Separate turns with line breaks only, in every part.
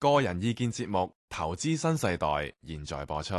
個人意見節目《投資新世代》現在播出。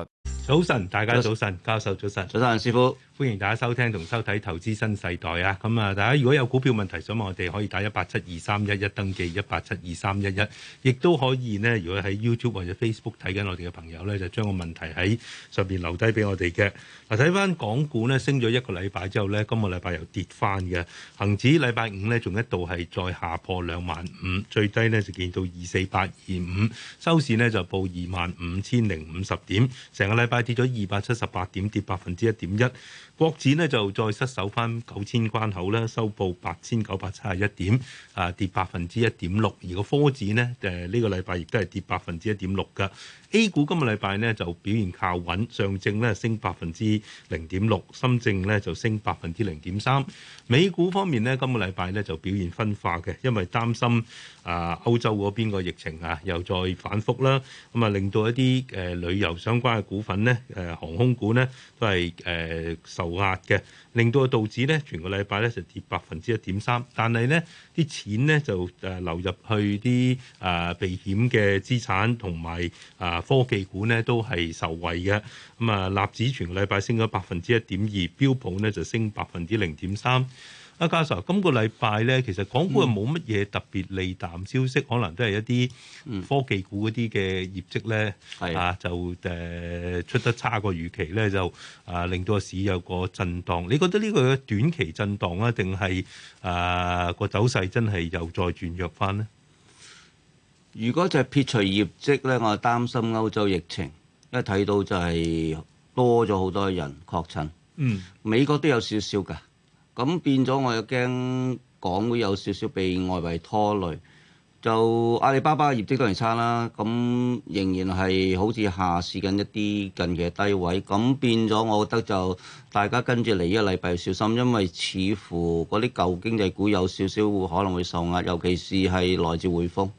早晨，大家早晨，早晨教授早晨，早晨，早晨師傅，歡迎大家收聽同收睇《投資新世代》啊！咁啊，大家如果有股票問題，想問我哋可以打一八七二三一一登記，一八七二三一一，亦都可以呢，如果喺 YouTube 或者 Facebook 睇緊我哋嘅朋友呢，就將個問題喺上邊留低俾我哋嘅。嗱，睇翻港股呢，升咗一個禮拜之後呢，今個禮拜又跌翻嘅。恒指禮拜五呢，仲一度係再下破兩萬五，最低呢就見到二四八二五，收市呢就報二萬五千零五十點，成個禮跌咗二百七十八點，跌百分之一點一。國指呢就再失守翻九千關口啦，收報八千九百七十一點，啊跌百分之一點六。而個科指呢，誒呢個禮拜亦都係跌百分之一點六㗎。A 股今個禮拜呢就表現靠穩，上證呢升百分之零點六，深證呢就升百分之零點三。美股方面呢，今個禮拜呢就表現分化嘅，因為擔心啊歐洲嗰邊個疫情啊又再反覆啦，咁啊令到一啲誒旅遊相關嘅股份呢，誒航空股呢都係誒受壓嘅，令到個道指咧，全個禮拜咧就跌百分之一點三，但係咧啲錢咧就誒流入去啲啊避險嘅資產同埋啊科技股咧都係受惠嘅，咁啊納指全個禮拜升咗百分之一點二，標普咧就升百分之零點三。阿嘉叔，啊、Sir, 今個禮拜咧，其實港股又冇乜嘢特別利淡消息，嗯、可能都係一啲科技股嗰啲嘅業績咧，嗯、啊就誒、uh, 出得差過預期咧，就啊令到個市有個震盪。你覺得呢個短期震盪啊，定係啊個走勢真係又再轉弱翻呢？如果就撇
除業績咧，我擔心歐洲疫情，一睇到就係多咗好多人確診，嗯，美國都有少少㗎。咁變咗，我又驚港股有少少被外圍拖累。就阿里巴巴嘅業績當然差啦，咁仍然係好似下試緊一啲近嘅低位。咁變咗，我覺得就大家跟住嚟一個禮拜小心，因為似乎嗰啲舊經濟股有少少可能會受壓，尤其是係來自匯豐，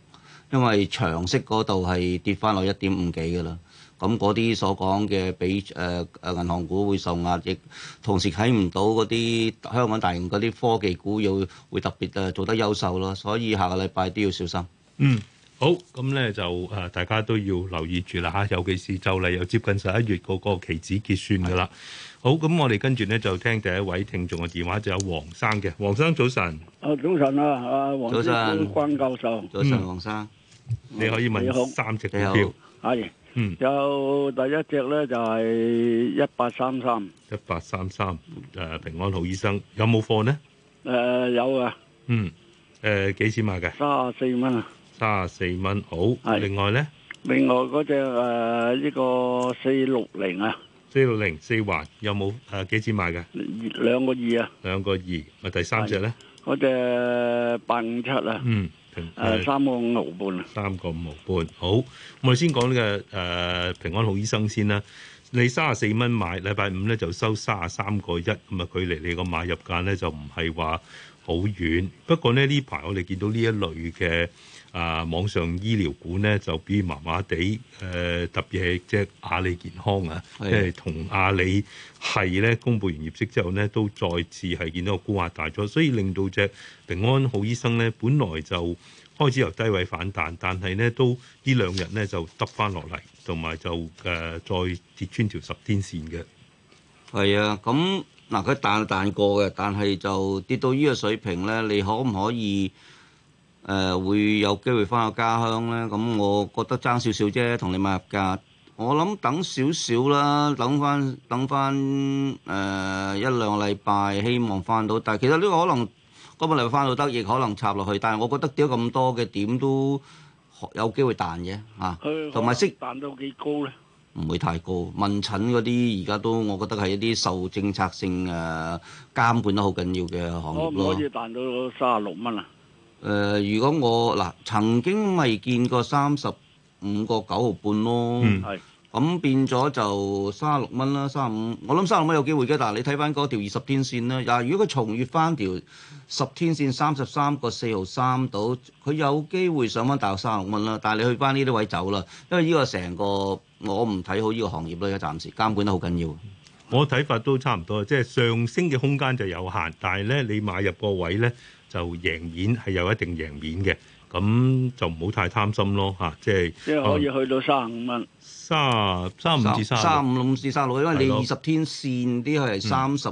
因為長息嗰度係跌翻落一點五幾嘅啦。咁嗰啲所講嘅比誒誒、呃、銀行股會受壓，抑，同時睇唔到嗰啲香港大型嗰啲科技股要會特別誒做得優秀咯，所以下個禮拜都要小心。嗯，
好，咁咧就誒、呃、大家都要留意住啦嚇，尤其是就嚟又接近十一月嗰個期指結算噶啦。是好，咁我哋跟住咧就聽第一位聽眾嘅電話就，就有黃生嘅。黃生，早晨。
啊，早晨啊，晨啊黃生關教授。早晨，黃、嗯、
生、嗯，你可以問三隻股票。
係。嗯，就第一隻咧就係一八三三，
一八三三誒，平安好醫生有冇貨
咧？誒，有
啊。嗯，誒，幾錢買嘅？三十四蚊啊。三十四蚊，好。另外咧，另外嗰隻誒呢個四六零啊，四六零四環有冇誒，幾錢買嘅？兩個二啊。兩個二，啊，第三隻咧？
嗰隻八五七啊。嗯。
誒三個五毫半啊！三個五毫半，呃、5. 5. 3. 5. 好。我哋先講呢個誒平安好醫生先啦。你三十四蚊買，禮拜五咧就收三十三個一，咁啊距離你個買入價咧就唔係話好遠。不過咧呢排我哋見到呢一類嘅。啊，網上醫療股咧就比較麻麻地，誒、呃、特別係即係阿里健康啊，即係同阿里系咧公佈完業績之後呢，都再次係見到個沽壓大咗，所以令到隻平安好醫生咧，本來就開始由低位反彈，但係呢，都呢兩日呢，就耷翻落嚟，同埋就誒、呃、再跌穿條十天線嘅。係啊，咁嗱，佢彈彈過嘅，但係就跌到呢個水平
咧，你可唔可以？誒會有機會翻到家鄉咧，咁我覺得爭少少啫，同你買入價。我諗等少少啦，等翻等翻誒一兩個禮拜，希望翻到。但係其實呢個可能嗰個禮拜翻到得，亦可能插落去。但係我覺得點咁多嘅點都有機會彈嘅嚇，同埋息
彈到幾高咧？
唔會太高。問診嗰啲而家都，我覺得係一啲受政策性誒監管得好緊要嘅行業咯。可唔可以
彈到三十六蚊啊？
誒、呃，如果我嗱、呃、曾經咪見過三十五個九毫半咯，咁變咗就三十六蚊啦，三五，我諗三十六蚊有機會嘅。但嗱，你睇翻嗰條二十天線啦，嗱，如果佢重越翻條十天線三十三個四毫三到，佢有機會上翻大約三十六蚊啦。但係你去翻呢啲位走啦，因為呢個成個我唔睇好呢個行業啦，而家暫時監管得好緊要。
我睇法都差唔多，即、就、係、是、上升嘅空間就有限，但係咧你買入個位咧，就贏面係有一定贏面嘅，咁就唔好太貪心咯嚇、啊，即係即係可以
去到三十五蚊，
三三五至三三
五至三六，因為你二十天線啲係三十，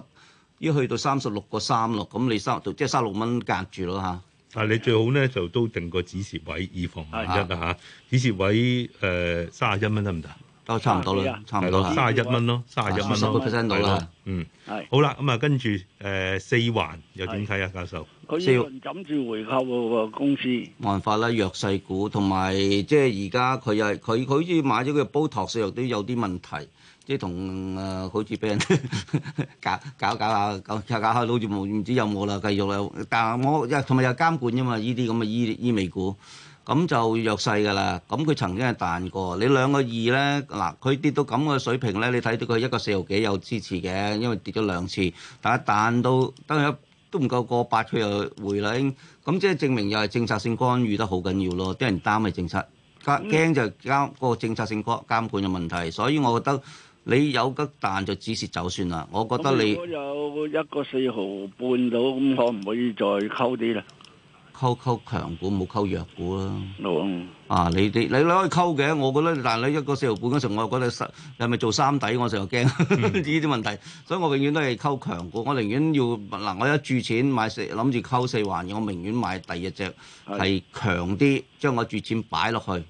要去到三十六個三六，咁你三即係三六蚊
隔住咯嚇，但係你最好咧就都定個止蝕位以防萬一啊嚇，止蝕位誒三十一蚊得唔得？呃都差唔多啦，差唔多，三十一蚊咯，三十一蚊咯，個 percent 到啦，嗯，係好啦，咁啊跟住誒、呃、四環又點睇啊，教授？四環
枕住回購個公司，
冇辦法啦，弱勢股同埋即係而
家佢又佢佢好似買咗佢嘅波託斯又都有啲問題，即係同誒好似俾人搞搞搞下搞搞下好似冇唔知有冇啦，繼續啦，但係我同埋有監管啫嘛，呢啲咁嘅醫醫美股。咁就弱勢㗎啦。咁佢曾經係彈過。你兩個二咧，嗱，佢跌到咁嘅水平咧，你睇到佢一個四毫幾有支持嘅，因為跌咗兩次，但係彈到等都係都唔夠過八，佢又回嚟。咁即係證明又係政策性干預得好緊要咯。啲人擔係政策，驚就係嗰個政策性監管嘅問題。所以我覺得你有得彈就止蝕走算啦。我覺得你
有一個四毫半到，咁可唔可以再溝啲咧？
溝溝強股冇溝弱股啦，啊你你你你可以溝嘅，我覺得但係你一個四毫半嗰陣，我又覺得你係咪做三底，我成日驚呢啲問題，所以我永遠都係溝強股，我寧願要嗱我一注錢買四諗住溝四環，我寧願買第二隻係強啲，將我注錢擺落去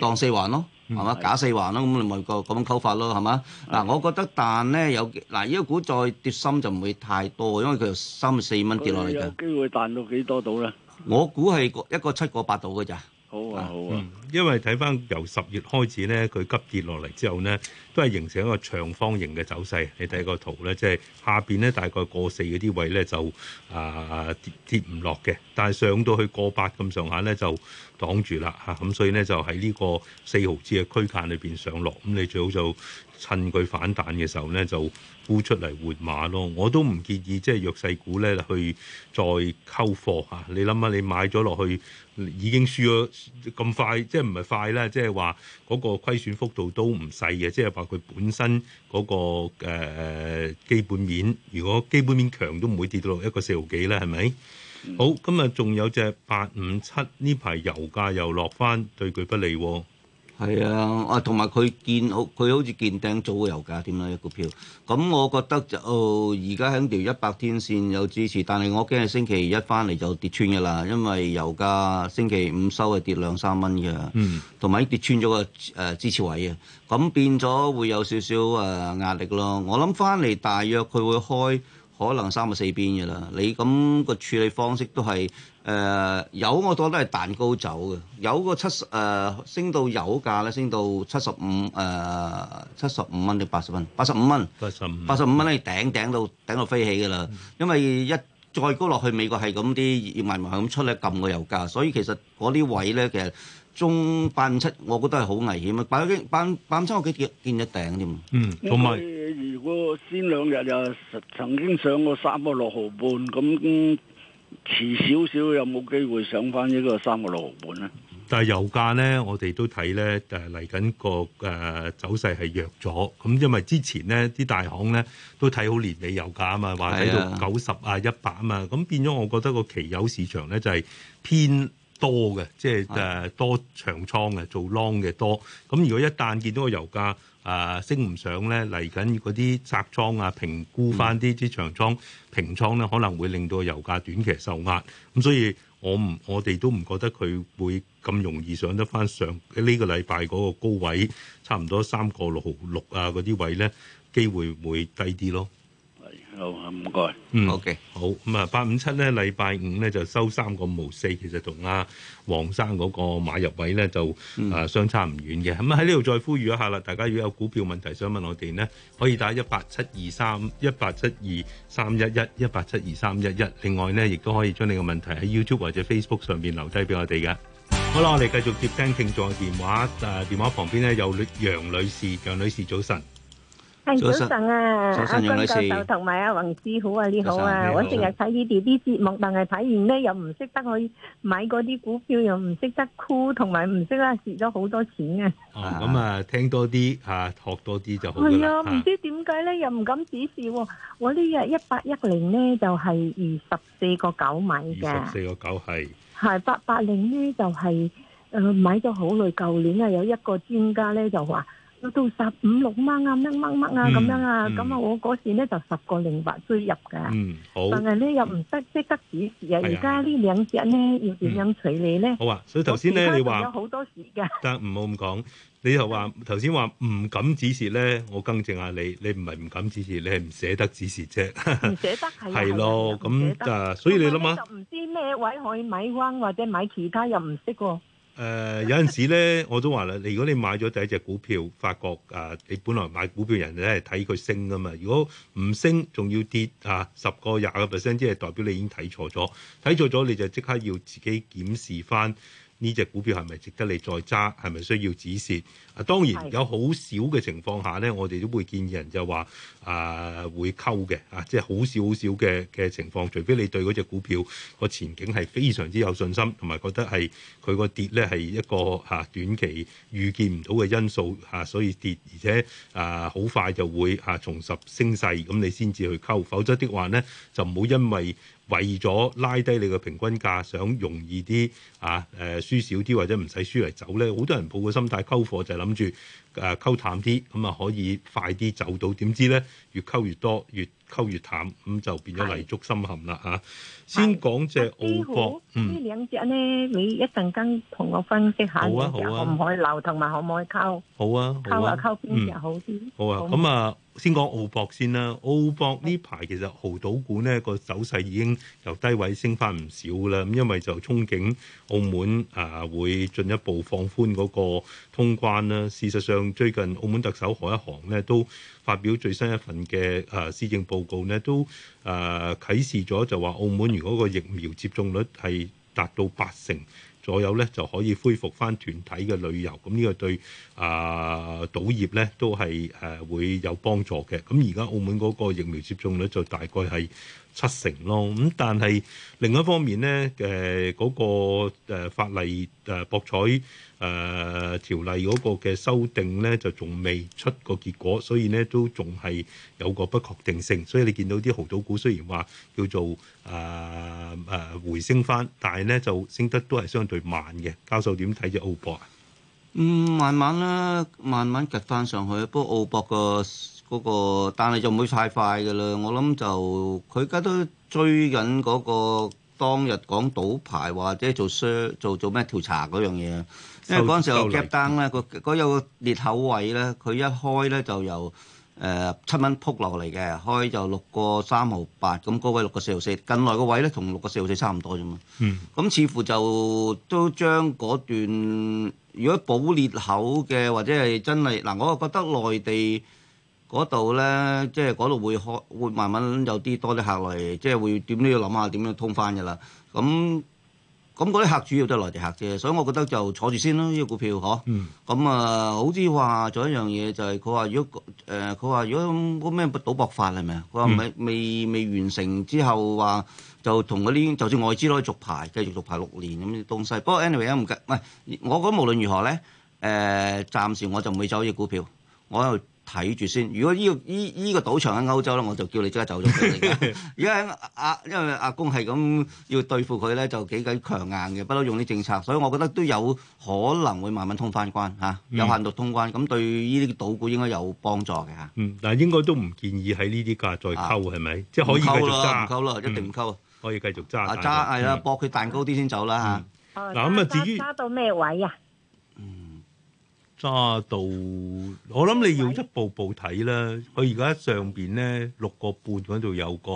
當四環咯，係嘛假四環咯，咁你咪個咁樣溝法咯，係嘛嗱我覺得彈咧有嗱呢個股再跌深就唔會太多，因為佢三四蚊跌落嚟嘅，
機會彈到幾多度咧？
我估係個一個七個八度嘅咋、啊，好啊好啊、嗯，因為睇翻由十月開始咧，佢急跌落嚟之後咧，都係形成一個長方形嘅走勢。你睇個圖咧，即、就、係、是、下邊咧大概過四嗰啲位咧就啊、呃、跌跌唔落嘅，但係上到去過八咁上下咧就擋住啦，吓咁所以咧就喺呢個四毫子嘅區間裏邊上落，咁你最好就。趁佢反彈嘅時候咧，就沽出嚟換馬咯。我都唔建議即係弱勢股咧去再溝貨嚇。你諗下，你，想想你買咗落去已經輸咗咁快，即係唔係快咧？即係話嗰個虧損幅度都唔細嘅。即係話佢本身嗰、那個誒、呃、基本面，如果基本面強都唔會跌到一個四毫幾啦，係咪？好，今日仲有隻八五七呢排油價又落翻，對佢不利喎。係啊，啊同埋佢見好，佢好似見頂早嘅油價添啦，一個票。
咁我覺得就而家喺條一百天線有支持，但係我驚係星期一翻嚟就跌穿㗎喇，因為油價星期五收係跌兩三蚊嘅，同埋、嗯、跌穿咗個誒支持位啊。咁變咗會有少少誒、呃、壓力咯。我諗翻嚟大約佢會開。可能三十四邊嘅啦，你咁個處理方式都係誒、呃、有我覺得都係蛋糕走嘅，有個七十誒、呃、升到油價咧，升到七十五誒七十五蚊定八十蚊，八十五蚊八十五蚊咧頂頂到頂到飛起嘅啦，嗯、因為一再高落去美國係咁啲，要慢慢咁出嚟撳個油價，所以其實嗰啲位咧其實。中百七，我覺得係好危險啊！百一，百百五七，我幾見見一頂添。嗯，同埋
有如果先兩日又曾經上過三個六毫半，咁遲少少有冇機會上返呢個三個六毫半咧？
但係油價咧，我哋都睇咧，誒嚟緊個誒走勢係弱咗。咁因為之前呢啲大行咧都睇好年尾油價啊嘛，話睇到九十啊一百啊嘛，咁變咗，我覺得個期油市場咧就係、是、偏。嗯多嘅，即係誒多長倉嘅，做 long 嘅多。咁如果一旦見到個油價啊、呃、升唔上咧，嚟緊嗰啲窄倉啊，評估翻啲啲長倉、嗯、平倉咧，可能會令到個油價短期受壓。咁所以我唔，我哋都唔覺得佢會咁容易上得翻上呢、呢個禮拜嗰個高位，差唔多三個六毫六啊嗰啲位咧，機會會低啲咯。好啊，唔該。嗯，OK，好。咁啊，八五七咧，禮拜五咧就收三個毛四，其實同阿黃生嗰個買入位咧就啊相差唔遠嘅。咁啊喺呢度再呼籲一下啦，大家如果有股票問題想問我哋咧，可以打一八七二三一八七二三一一一八七二三一一。另外咧，亦都可以將你嘅問題喺 YouTube 或者 Facebook 上邊留低俾我哋嘅。好啦，我哋繼續接聽聽眾嘅電話。誒，電話旁邊咧有女楊女士，楊女士早晨。
係，早晨啊！阿君教授同埋阿黃志好啊！你好啊！我成日睇呢啲節目，但係睇完咧又唔識得去買嗰啲股票，又唔識得沽，同埋唔識得蝕咗好多錢嘅。哦，
咁啊，聽多啲吓，學多啲就好啦。係啊，唔知
點解咧，又唔敢指示。我呢日一八一零咧，就係二十四個九買嘅。二十四個九係。係八八零咧，就係誒買咗好耐。舊年啊，有一個專家咧就話。到十五六蚊啊，咩蚊蚊啊咁樣啊，咁啊我嗰時咧就十個零八追入嘅，嗯、
好但係
咧又唔得，即得止蝕啊！而、嗯、家呢兩隻咧要點樣處理咧？好啊，所以頭先咧你話說有好多事㗎，
但唔好咁講，你又話頭先話唔敢止蝕咧，我更正下你，你唔係唔敢止蝕，你係唔捨得止蝕啫，唔
捨得係咯，咁 的就。所以你諗下，就唔知咩位可以買翻，或者買其他又唔識喎。
誒、 uh, 有陣時咧，我都話啦，如果你買咗第一隻股票，發覺啊，uh, 你本來買股票人咧係睇佢升噶嘛，如果唔升仲要跌啊，十個廿個 percent，即係代表你已經睇錯咗，睇錯咗你就即刻要自己檢視翻。呢隻股票係咪值得你再揸？係咪需要止蝕？啊，當然有好少嘅情況下呢，我哋都會建議人就話啊會溝嘅啊，即係好少好少嘅嘅情況。除非你對嗰隻股票個前景係非常之有信心，同埋覺得係佢個跌呢係一個嚇、啊、短期預見唔到嘅因素嚇、啊，所以跌而且啊好快就會嚇、啊、重拾升勢，咁你先至去溝。否則的話呢，就唔好因為。為咗拉低你個平均價，想容易啲啊誒、呃、輸少啲或者唔使輸嚟走咧，好多人抱個心態溝貨就係諗住誒溝淡啲，咁啊可以快啲走到，點知咧越溝越多，越溝越淡，咁就變咗泥足深陷啦嚇、啊。先講隻澳博，呢兩隻呢，你
一陣間同我分析下好、啊、呢隻、啊、可唔可以留，同埋可唔可以
溝、啊？
好啊，溝啊溝邊隻好啲？
好啊，咁啊。嗯先講澳博先啦，澳博呢排其實濠賭股呢個走勢已經由低位升返唔少啦，咁因為就憧憬澳門啊會進一步放寬嗰個通關啦、啊。事實上最近澳門特首賀一誠呢都發表最新一份嘅啊施政報告呢都啊啟示咗就話澳門如果個疫苗接種率係達到八成左右咧，就可以恢復翻團體嘅旅遊，咁呢個對啊、呃、賭業咧都係誒、呃、會有幫助嘅。咁而家澳門嗰個疫苗接種率就大概係。七成咯，咁但係另一方面咧，誒嗰個誒法例誒博彩誒條例嗰個嘅修訂咧，就仲未出個結果，所以咧都仲係有個不確定性。所以你見到啲豪賭股雖然話叫做誒誒回升翻，但係咧就升得都係相對慢嘅。教授點睇隻澳博啊？嗯，
慢慢啦，慢慢及翻上去。不過澳博個嗰個，但係就唔會太快嘅啦。我諗就佢而家都追緊嗰個當日講賭牌或者做 share 做做咩調查嗰樣嘢，因
為嗰陣時候 gap
down 咧，個嗰有個裂口位咧，佢一開咧就由誒七蚊撲落嚟嘅，開就六個三毫八，咁高位六個四毫四，近來個位咧同六個四毫四差唔多啫嘛。嗯，咁似乎就都將嗰段如果補裂口嘅，或者係真係嗱，我覺得內地。嗰度咧，即係嗰度會開，會慢慢有啲多啲客嚟，即係會點都要諗下點樣通返嘅啦。咁咁嗰啲客主要都係內地客啫，所以我覺得就坐住先咯，呢隻股票，嗬、嗯。咁啊，好似話仲有一樣嘢就係佢話，如果誒佢話如果嗰咩賭博法係咪啊？佢話未、嗯、未未完成之後話就同嗰啲就算外資都可以續牌，繼續續牌六年咁啲東西。不過 anyway 唔計，唔、呃、係我覺得無論如何咧，誒、呃、暫時我就唔會走呢隻股票，我又。睇住先，如果呢個呢呢個賭場喺歐洲咧，我就叫你即刻走咗佢哋。而家因為阿公係咁要對付佢咧，就幾鬼強硬嘅，不嬲用啲政策。所以我覺得都有可能會慢慢通翻關嚇，有限度通關，咁對呢啲賭股應該有幫助嘅嚇。嗯，
但應該都唔建議喺
呢啲價再溝係咪？即係可以唔溝咯，一定唔溝。可以繼續揸。揸係啊，博
佢彈高啲先走啦嚇
嗱，咁啊至於揸到咩位啊？
沙道，我諗你要一步步睇啦。佢而家上邊咧六個半嗰度有個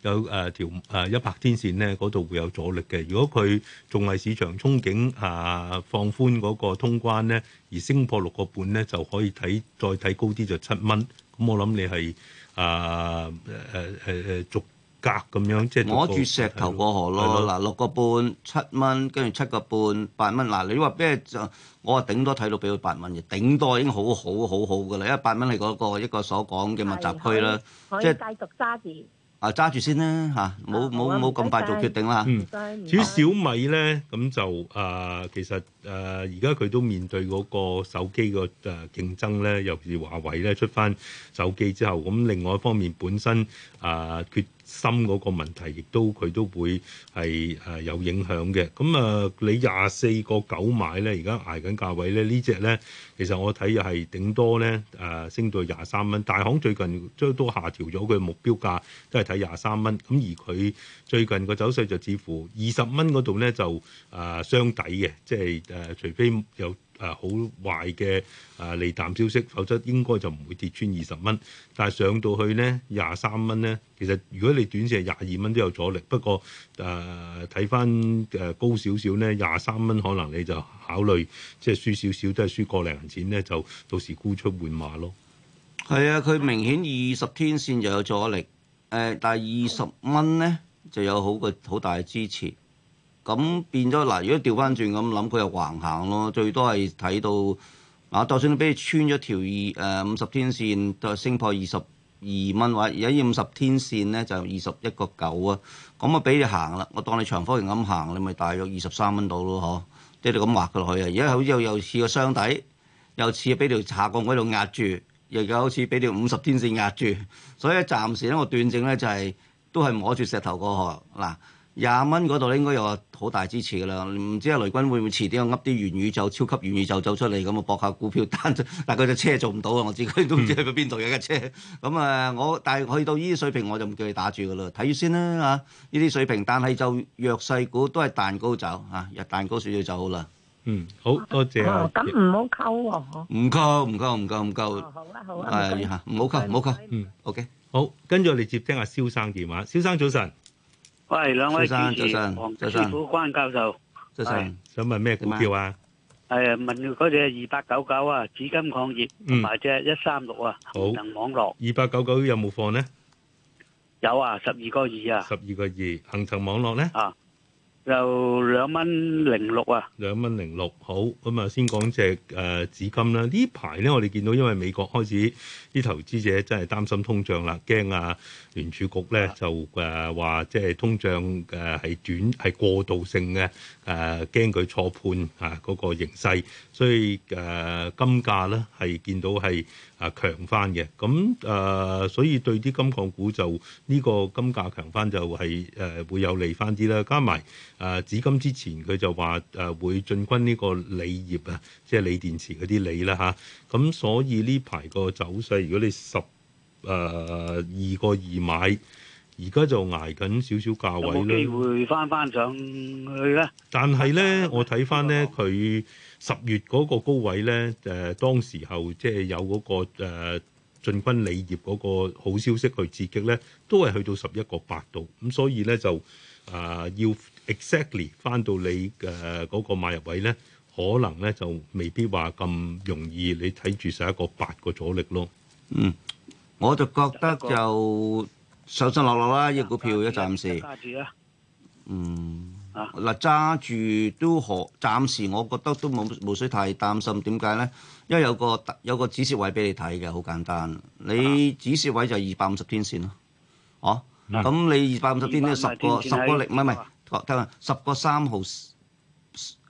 有誒、呃、條誒一白天線咧，嗰度會有阻力嘅。如果佢仲係市場憧憬啊放寬嗰個通關咧，而升破六個半咧，就可以睇再睇高啲就七蚊。咁、嗯、我諗你係啊誒誒誒誒逐。格，咁樣即係攞住石頭過河咯。嗱，六
個半七蚊，跟住七個半八蚊嗱，你話咩？就我話頂多睇到俾佢八蚊嘅，頂多已經好好好好嘅啦，因為八蚊係嗰一個所講嘅密集區啦，
即係是可以繼
續揸住啊，揸住先啦嚇，冇冇冇咁快做決定啦、嗯。至於小米咧，咁就啊、呃，其實誒而家佢都面對嗰個手機嘅誒競爭咧，尤其是華為咧出翻手機之後，咁另外一方面本身啊、呃、決。深嗰個問題，亦都佢都會係誒、呃、有影響嘅。咁啊、呃，你廿四個九買咧，而家捱緊價位咧，隻呢隻咧其實我睇又係頂多咧誒、呃、升到廿三蚊。大行最近將都下調咗佢目標價，都係睇廿三蚊。咁、呃、而佢最近個走勢就似乎二十蚊嗰度咧就誒相抵嘅，即係誒、呃、除非有。誒好、啊、壞嘅利、啊、淡消息，否則應該就唔會跌穿二十蚊。但係上到去呢，廿三蚊呢，其實如果你短線係廿二蚊都有阻力。不過誒，睇翻誒高少少呢，廿三蚊可能你就考慮即係輸少少，都係輸過零錢呢，就到時沽出換馬咯。
係啊，佢明顯二十天線就有阻力誒、呃，但係二十蚊呢，就有好個好大嘅支持。咁變咗嗱，如果調翻轉咁諗，佢又橫行咯，最多係睇到啊，就算俾你穿咗條二誒五十天線，就升破二十二蚊話，而家五十天線咧就二十一個九啊，咁啊俾你行啦，我當你長方形咁行，你咪大約二十三蚊到咯，嗬、啊，即係你咁畫嘅落去啊，而家好似又似個箱底，又似俾條下降嗰度壓住，又又好似俾條五十天線壓住，所以暫時咧我斷症咧就係、是、都係摸住石頭過河嗱。啊啊廿蚊嗰度咧，應該有好大支持噶啦。唔知阿雷軍會唔會遲啲去噏啲元宇宙、超級元宇宙走出嚟咁啊，搏下股票單。但係佢隻車做唔到啊，我知佢都唔知去到邊度有架車。咁啊、嗯，我但係去到呢啲水平，我就唔叫你打住噶啦，睇住先啦嚇。呢啲水平，但係就弱勢股都係蛋糕走嚇，入蛋糕少少走好啦。嗯，好多謝，謝。咁唔好溝喎，
唔溝，
唔溝，唔溝，唔溝、嗯。好啦，
好啦，留意
唔好溝，唔好溝。嗯，OK，好。跟住我哋接聽阿蕭生電話。蕭生早晨。喂，兩位主
持人，黃
師傅，關教授，是想問
咩股票啊？係問嗰隻二八九九啊，紫金礦業同埋隻一三六啊，恒騰網絡。
二八九九有冇放呢？有啊，十二個二啊。十二個二，恒騰網絡呢？啊，就兩蚊零六啊。兩蚊零六，好，咁啊！先講隻誒紫金啦，呢排咧我哋見到因為美國開始。啲投資者真係擔心通脹啦，驚啊聯儲局咧就誒話即係通脹誒係轉係過渡性嘅誒，驚佢錯判啊嗰個形勢，所以誒金價咧係見到係啊強翻嘅，咁誒所以對啲金礦股就呢、這個金價強翻就係誒會有利翻啲啦，加埋誒紫金之前佢就話誒會進軍呢個鋰業啊，即係鋰電池嗰啲鋰啦嚇，咁所以呢排個走勢。如果你十誒、呃、二個二買，而家就挨緊少少價位咧，有冇機
會翻翻上
去咧？但係咧，我睇翻咧，佢、嗯、十月嗰個高位咧，誒、呃、當時候即係有嗰、那個誒進、呃、軍理業嗰個好消息去刺激咧，都係去到十一個八度咁，所以咧就誒要、呃、exactly 翻到你誒嗰、呃那個買入位咧，可能咧就未必話咁容易，你睇住十一個八個阻力咯。嗯，我就覺得就
上上落落啦，一股票一暫時，揸住啦，嗯，嗱揸住都可，暫時我覺得都冇冇需太擔心。點解咧？因為有個有個支持位俾你睇嘅，好簡單。你支持位就二百五十天線咯，哦、啊、咁、嗯、你二百五十天咧十個十個力，唔係唔係，睇下、啊、十個三毫，誒、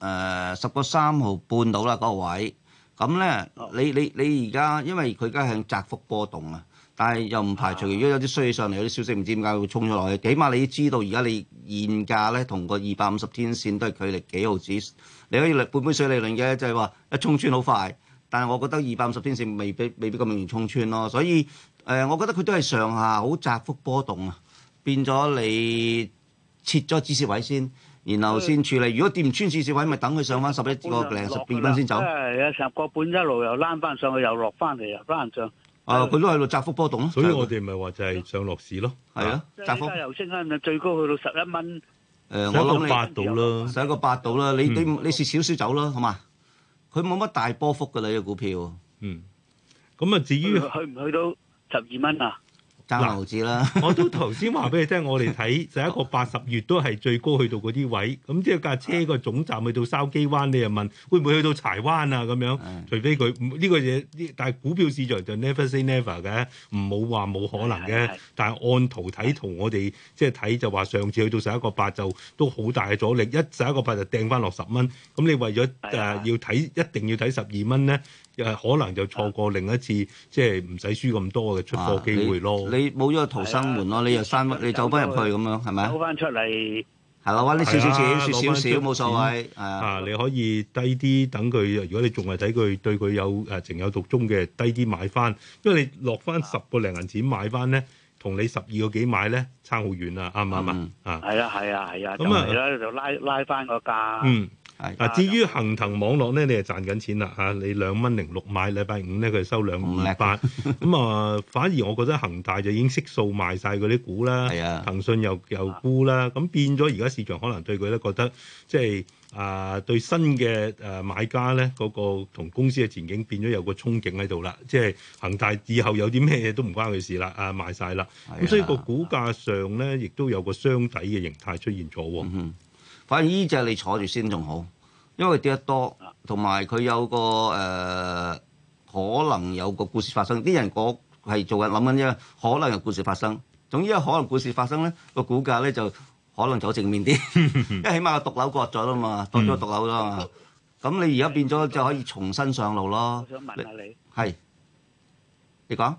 呃、十個三毫半到啦，嗰、那個位。咁咧，你你你而家，因為佢而家向窄幅波動啊，但係又唔排除如果有啲衰起上嚟，有啲消息唔知點解會衝咗落去，起碼你知道而家你現價咧同個二百五十天線都係距離幾毫子，你可以利半杯水嚟論嘅，就係話一衝穿好快。但係我覺得二百五十天線未，未，未必未必咁容易衝穿咯，所以誒、呃，我覺得佢都係上下好窄幅波動啊，變咗你切咗止蝕位先。然後先處理，如果跌唔穿支持位，咪等佢上翻十一個零了、十二蚊先走。
係啊，十個半一路又攬翻上去，又落翻嚟，又攬上。哦，佢
都喺度窄幅波動咯。所以我哋咪話就係上落市咯。係啊，
窄幅又升啊！最高去到十一蚊。
誒、呃，我諗八
度啦，十一個八度啦、嗯。你你你蝕少少走咯，好嘛、嗯？佢冇乜大波幅噶
啦，呢、這個股票。嗯。咁啊，至於去
唔去到十二蚊啊？
揸子啦！我都頭先話俾你聽，我哋睇十一個八十月都係最高去到嗰啲位，咁即係架車個總站去到筲箕灣，你又問會唔會去到柴灣啊？咁樣，嗯、除非佢呢、這個嘢，但係股票市場就 never say never 嘅，唔好話冇可能嘅。是是是是但係按圖睇圖，是是我哋即係睇就話、是、上次去到十一個八就都好大嘅阻力，一十一個八就掟翻落十蚊。咁你為咗誒要睇，一定要睇十二蚊咧？又係可能就錯過另一次即係唔使輸咁多嘅出貨機會咯。你
冇咗逃生門咯，你又生，你走翻入去咁樣，係咪？好翻出嚟係啦，揾啲少少錢，少少少冇所謂。啊，
你可以低啲等佢。如果你仲係睇佢對佢有誒情有獨鍾嘅，低啲買翻。因為你落翻十個零銀錢買翻咧，同你十二個幾買咧，差好遠啊！啱唔啱啊？係啊，係啊，係啊，咁嚟啦，就
拉拉翻個價。
嗱，至於恒騰網絡咧，你係賺緊錢啦嚇，你兩蚊零六買，禮拜五咧佢收兩二八，咁啊反而我覺得恒大就已經悉數賣晒嗰啲股啦，啊、騰訊又又沽啦，咁變咗而家市場可能對佢咧覺得即係啊對新嘅誒買家咧嗰、嗰個同公司嘅前景變咗有個憧憬喺度啦，即係恒大以後有啲咩嘢都唔關佢事啦，啊賣晒啦，咁、啊、所以個股價上咧亦都有個雙底嘅形態出現咗。
反而呢隻你坐住先仲好，因為跌得多，同埋佢有個誒、呃、可能有個故事發生，啲人講係做緊諗緊一可能有故事發生。總之啊，可能故事發生咧，個股價咧就可能走正面啲， 因為起碼毒瘤個毒瘤割咗啦嘛，當咗毒瘤啦嘛，咁你而家變咗就可以重新上路咯。
我想問
下你，係你講。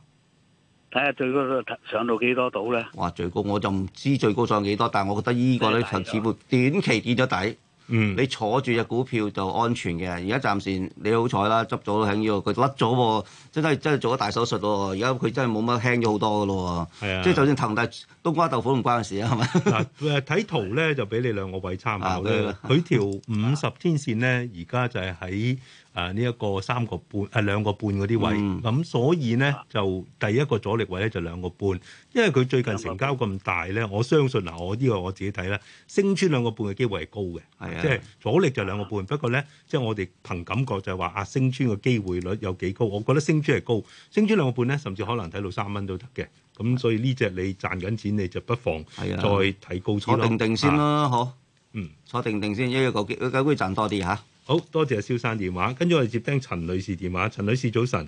睇下最，最高上到幾多度咧？
哇！最高我就唔知最高上幾多，但係我覺得依個咧就似乎短期見咗底。嗯，你坐住隻股票就安全嘅。而家暫時你好彩啦，執咗都肯要，佢甩咗喎，真係真係做咗大手術喎。而家佢真係冇乜輕咗好多噶咯喎。係啊，即係就算騰大冬瓜豆腐唔關事啊，係
咪？ 睇圖咧就俾你兩個位參考咧。佢、啊啊、條五十天線咧，而家就係喺。啊！呢、這、一個三個半啊兩個半嗰啲位，咁、嗯、所以咧就第一個阻力位咧就兩個半，因為佢最近成交咁大咧，我相信嗱，我、啊、呢、這個我自己睇啦。升穿兩個半嘅機會係高嘅，的即係阻力就兩個半。的不過咧，即係我哋憑感覺就係話啊，升穿嘅機會率有幾高？我覺得升穿係高，升穿兩個半咧，甚至可能睇到三蚊都得嘅。咁的所以呢隻你賺緊錢，你就不妨再提高咗咯，坐定定先啦，好，嗯，坐定定先，一個嘅嘅嘅，機會賺多啲嚇。啊。好，多謝蕭生電話，跟住我哋接聽陳女士電話。陳女士早晨，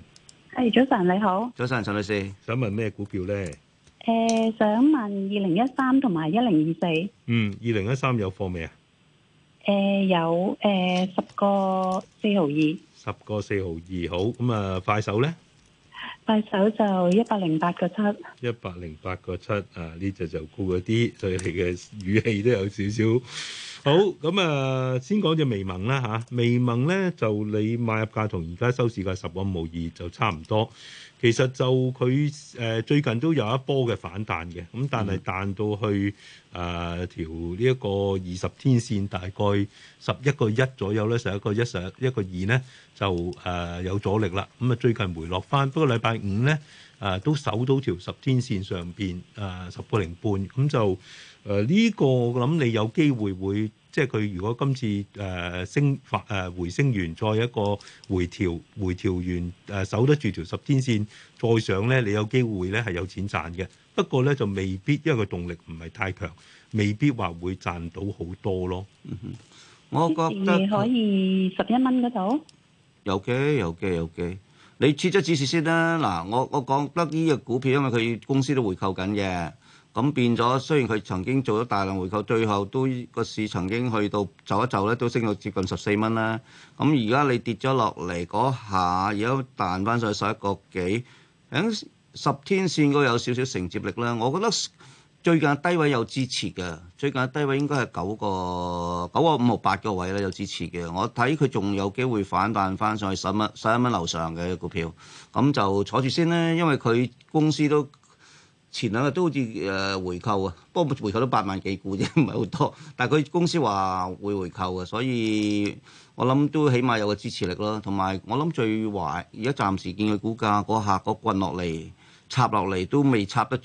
係早晨你好，
早晨陳女士，想問咩股票呢？誒、
呃，想問二零一三同埋一零二四。嗯，
二零一三有貨未啊？
誒，有誒，十個四毫二，
十個四毫二好。咁啊，快手呢？
快手就一百零八個七，
一百零八個七。啊，呢隻就高咗啲，所以你嘅語氣都有少少。 好，咁啊，先講隻微盟啦嚇。微盟咧就你買入價同而家收市價十個毫二就差唔多。其實就佢誒最近都有一波嘅反彈嘅，咁但係彈到去誒、呃、條呢一個二十天線大概十一個一左右咧，十一個一，十一個二咧就誒、呃、有阻力啦。咁啊最近回落翻，不過禮拜五咧誒、呃、都守到條十天線上邊誒十個零半咁就。誒，呢個我諗你有機會會，即係佢如果今次誒升發誒回升完，再一個回調回調完誒守得住條十天線，再上咧，你有機會咧係有錢賺嘅。不過咧就未必，因為佢動力唔係太強，未必話會賺到好多咯。嗯，我覺得你可以
十一蚊嗰度
有嘅，有嘅，
有嘅。你設咗指數先啦。嗱，我我講得呢隻股票，因為佢公司都回購緊嘅。咁變咗，雖然佢曾經做咗大量回購，最後都個市曾經去到走一走咧，都升到接近十四蚊啦。咁而家你跌咗落嚟嗰下，而家彈翻上去十一個幾，十天線嗰有少少承接力啦。我覺得最近低位有支持嘅，最近低位應該係九個九個五毫八個位咧有支持嘅。我睇佢仲有機會反彈翻上去十蚊、十一蚊樓上嘅股票。咁就坐住先啦，因為佢公司都。前兩日都好似誒回購啊，不過回購都八萬幾股啫，唔係好多。但係佢公司話會回購嘅，所以我諗都起碼有個支持力咯。同埋我諗最壞而家暫時見佢股價嗰下個棍落嚟插落嚟都未插得，